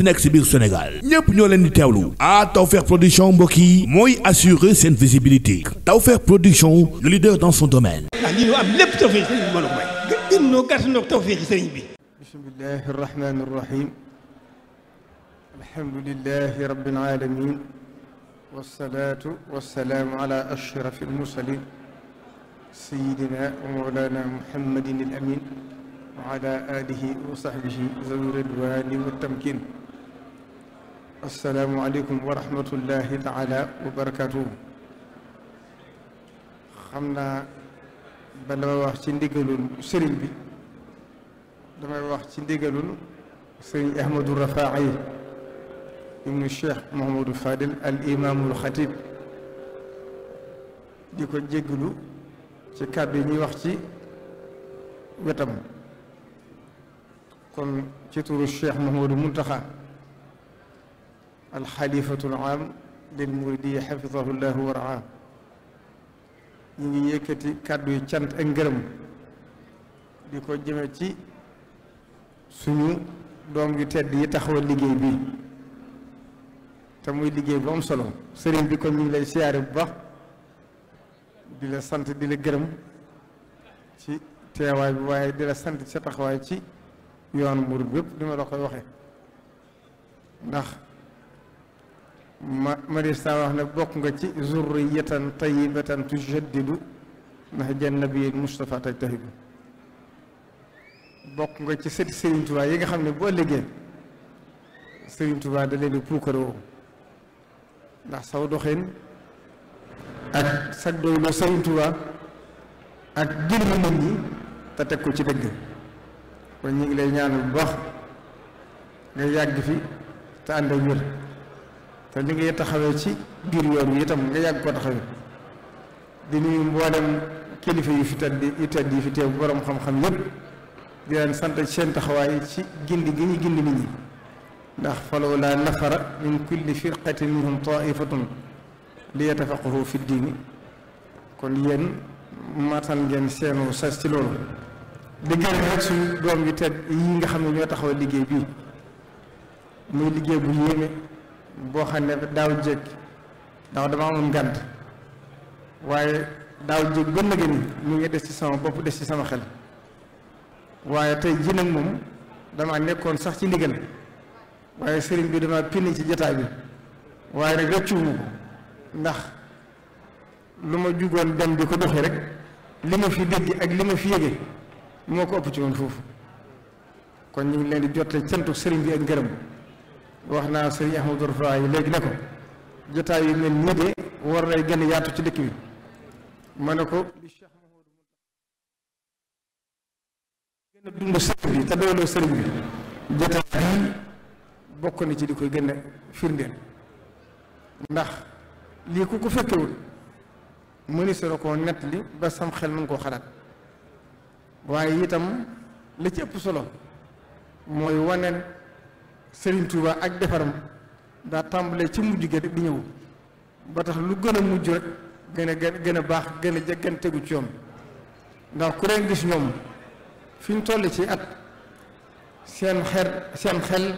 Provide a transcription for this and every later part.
munti nekk si biir Sénégal ñépp ñoo leen di teewlu ah Tawfekh production mbokk yi mooy assurer seen visibilité Tawfekh production le leader dans son domaine ah lii am lépp Tawfekh sëriñ bi mën a may gën noo gàtt noo Tawfekh sëriñ bi bismillahi rahmani rahim alhamdulillahi rabbil alamin wassalatu wassalamu ala ashrafil mursalin sayyidina wa mawlana muhammadin al amin wa ala alihi wa sahbihi zawi ridwani wa asalaamualeykum wa rahmatullahi taala wa barakatuhu xam naa bala wax ci ndigalul sëriñ bi damay wax ci ndigalul sëriñ ahmadou rafai ibnu cheikh mohamadou fadil al imaamul xatib di ko jéggalu ci kàddu yi ñuy wax ci wetam kon ci turu cheikh mohamadou muntaxa alxalifatul am lil muridi xafidahu llahu wa raa ñu ngi yëkkati kàddu yu cant ak ngërëm di ko jëme ci suñu doom gi tedd yi taxawal liggéey bi te muy liggéey bu am solo sëriñ bi kon ñu lay siyaare bu baax di la sant di la gërëm ci teewaay bi waaye di la sant sa taxawaay ci yoon murid yépp li ma la koy waxe ndax ma marista wax ne bokk nga ci zurriyatan tayyibatan tujaddidu nahja nabiyil Mustafa tajtahidu bokk nga ci sëti Serigne Touba yi nga xam ne boo ëllëgee Serigne Touba da leen di puukaroo ndax saw doxin ak sag doyloo Serigne Touba ak jëlma nit ñi te teg ko ci dëgg kon ñu ngi lay ñaanal bu baax nga yàgg fi te ànd ak wér te li ngay taxawee ci biir yoon wi itam nga yàgg ko taxawee di nuyu mboolem kilifa yi fi tedd yu tedd yi fi teew borom xam-xam yépp di leen sant seen taxawaay ci gindi gi ñu gindi nit ñi ndax falaw laa nafara min kulli firqatin minhum taifatun li fi diini kon yéen matal ngeen seenu sas ci loolu di gërëm rek suñu doom yu tedd yi nga xam ne ñoo taxaw liggéey bii muy liggéey bu yéeme boo xam ne daaw jéeg ndax dama amoon gànt waaye daaw jéeg ba nag mu ngi des ci sama bopp des ci sama xel waaye tey jii nag moom dama nekkoon sax ci ndigal waaye sëriñ bi dama pini ci jotaay bi waaye nag rëccuwuma ko ndax lu ma jugoon dem di ko doxi rek li ma fi dégg ak li ma fi yége moo ko ëpp ci woon foofu kon ñu ngi leen di jottali cantu sëriñ bi ak ngërëm wax naa sëriñ Ahmadou Rafa yi léegi ne ko jotaay yu mel nii de war nay gën yaatu ci dëkk bi ma ne ko li Cheikh Mahoudou gën a dund sëriñ bi te dooloo sëriñ bi jotaay bokk na ci di koy gën a firndeel ndax lii ku ko fekkewul mënisera koo nett li ba sam xel mën koo xalaat waaye itam li ci ëpp solo mooy waneen Serigne Touba ak defaram daa tàmbalee ci mujj ga di ñëw ba tax lu gën a mujj rek gën a gën a baax gën a gën tegu ci yoon ndax ku leen gis ñoom fi ñu toll ci at seen xel seen xel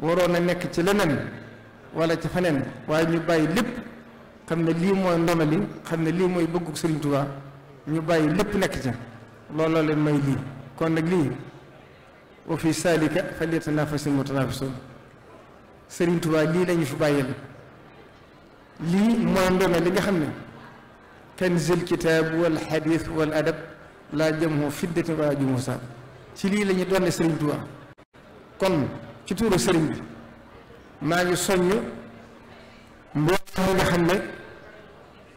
waroon a nekk ci leneen walla ci feneen waaye ñu bàyyi lépp xam ne lii mooy ndono li xam ne lii mooy bëggu Serigne Touba ñu bàyyi lépp nekk ca looloo leen may lii kon nag lii. wa fi saalika falyatanafasi mutanafisun Sëriñ Tuubaa lii lañu fi bàyyil lii mooy ndongo li nga xam ne kanzul kitaab wal xadiis wal adab laa jamhu fiddatin wala jumhu saab ci lii lañu ñu doon Sëriñ Tuubaa kon ci tuuru sëriñ bi maa ngi soññ mbooloo mi nga xam ne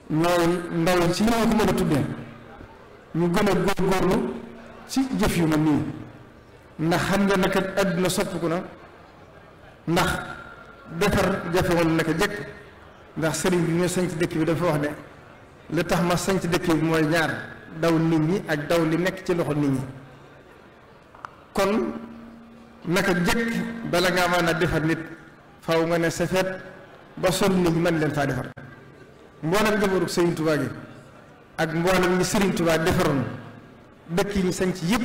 ñooy ndaw ci ñoo ko mën a tuddee ñu gën a góorgóorlu ci jëf yu mel nii ndax xam nga ne kat àdduna soppiku na ndax defar jafewul naka jëkk ndax sëriñ bi ñu sañc dëkk bi dafa wax ne li tax ma sañc dëkk bi mooy ñaar daw nit ñi ak daw li nekk ci loxo nit ñi kon naka jëkk bala nga mën a defar nit faw nga ne safeet ba sol nit ñi man leen faa defar mboolem jabarug sëriñ Tuubaa gi ak mboolem ñi sëriñ Tuubaa defaroon dëkk yi ñu sañc yëpp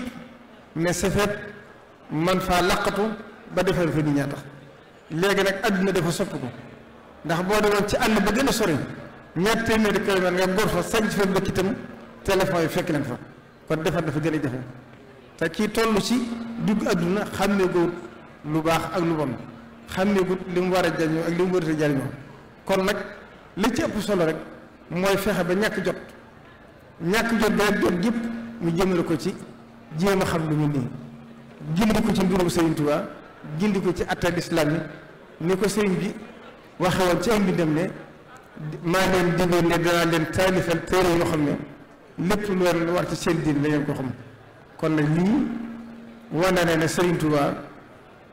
ne safeet man faa laqatu ba defal fa nit ñaa tax léegi nag àdduna dafa sopp ko ndax boo demoon ci àll ba gën a sori ñaar téeméeri kilomètre nga gor fa sànc fa mbëkk itam téléphone yi fekk leen fa kon defar dafa gën a jafe te kii toll ci dugg adduna xàmmeegut lu baax ak lu bon xàmmeegut li mu war a jariñoo ak li mu war a jariñoo kon nag li ci ëpp solo rek mooy fexe ba ñàkk jot ñàkk jot ba jot yëpp mu jëmale ko ci jéem a xam lu mu nii gindi ko ci mbirum Sëriñ Tuubaa gindi ko ci attal islam yi ni ko sëriñ bi waxewoon ci ay mbindam ne maa leen digal ne danaa leen taalifal téere yoo xam ne lépp lu leen war ci seen diin la ngeen ko xam kon na lii wane na ne Sëriñ Tuubaa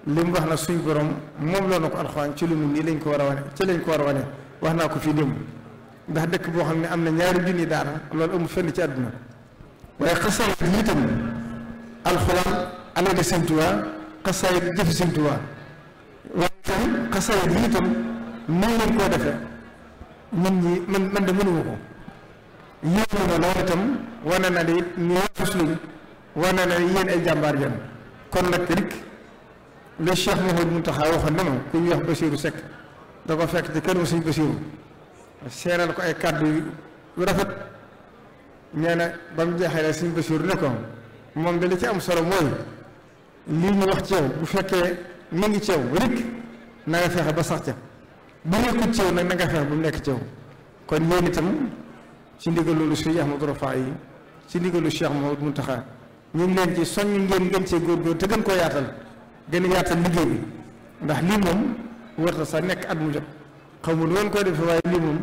li mu wax na suñ borom moom loo na ko alxuraan ci lu mu nii lañ ko war a wane ci lañ ko war a wane wax naa ko fii démb ndax dëkk boo xam ne am na ñaari junni daara loolu amul fenn ci àdduna waaye xasal yi itam alxuraan amee seen Tuubaa xasaayit jëfi seen Tuubaa waaye itam xasaayit yi de mënuma na loolu wane na ne it ñu wane na ne yéen ay kon nag rek le Cheikh Mouhamadou Mountakha waxoon na ma ku ñuy wax ko fekk ci ko ay kàddu rafet nee na ba mu jeexee suñu Bassirou ne ko moom de li ci am solo mooy lii ñu wax ci bu fekkee mu ngi ci yow rek na ba sax ca bu nekkul ci na nga fexe ba mu nekk ci yow kon yéen itam ci ndigalu Cheikh Ahmadou Rafaay yi ci ndigalu Cheikh Mouhamadou Mountakha ñu ngi leen ci soññ ngeen gën cee góorgóor te gën koo yaatal gën a yaatal liggéey ndax lii moom war na sax nekk at mu jot xamul woon koy defe waaye lii moom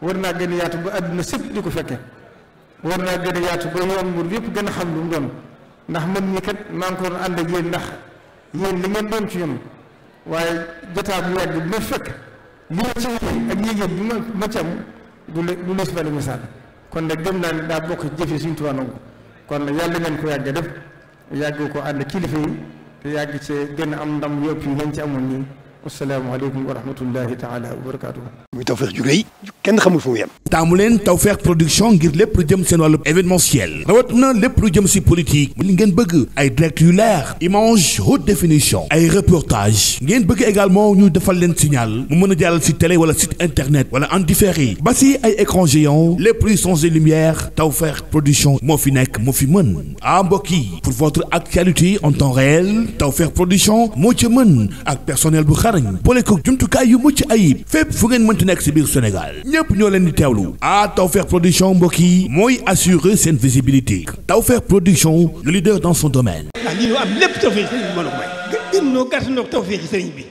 war naa gën a yaatu ba àdduna sëpp di ko fekke war naa gën a yaatu ba yoon mu yëpp gën a xam lu mu doon ndax man ñi kat maa ngi ko doon ànd ak yéen ndax yéen li ngeen doon ci ñun waaye jotaay bu yàgg bi ma fekk li ma ci waxee am du le du lees bale misaal kon nag gëm naa ne daa bokk jëfe suñu Tuubaa nangu kon nag yàlla ngeen ko yàgg def yàgg ko ànd kilifa yi te yàgg ci gën am ndam yëpp yi ngeen ci amoon nii asalaamaaleykum wa rahmatullahi taala wa barakaatu. muy Tawfekh ju rëy kenn xamul fu mu yem. taamu leen Tawfekh production ngir lépp lu jëm seen a site internet wala en différé ba ay écran géant lépp luy lumière Tawfekh production moo fi nekk moo fi mën ah mbokk pour votre actualité en temps réel Tawfekh production moo ci mën ak personnel bu xar xarañ boole ko jumtukaay yu mucc ayib fépp fu ngeen mënti nekk si biir Sénégal ñépp ñoo leen di teewlu ah Tawfekh production mbokk yi mooy assurer seen visibilité Tawfekh production le leader dans son domaine. Ah, am lépp Tawfekh sëriñ bi.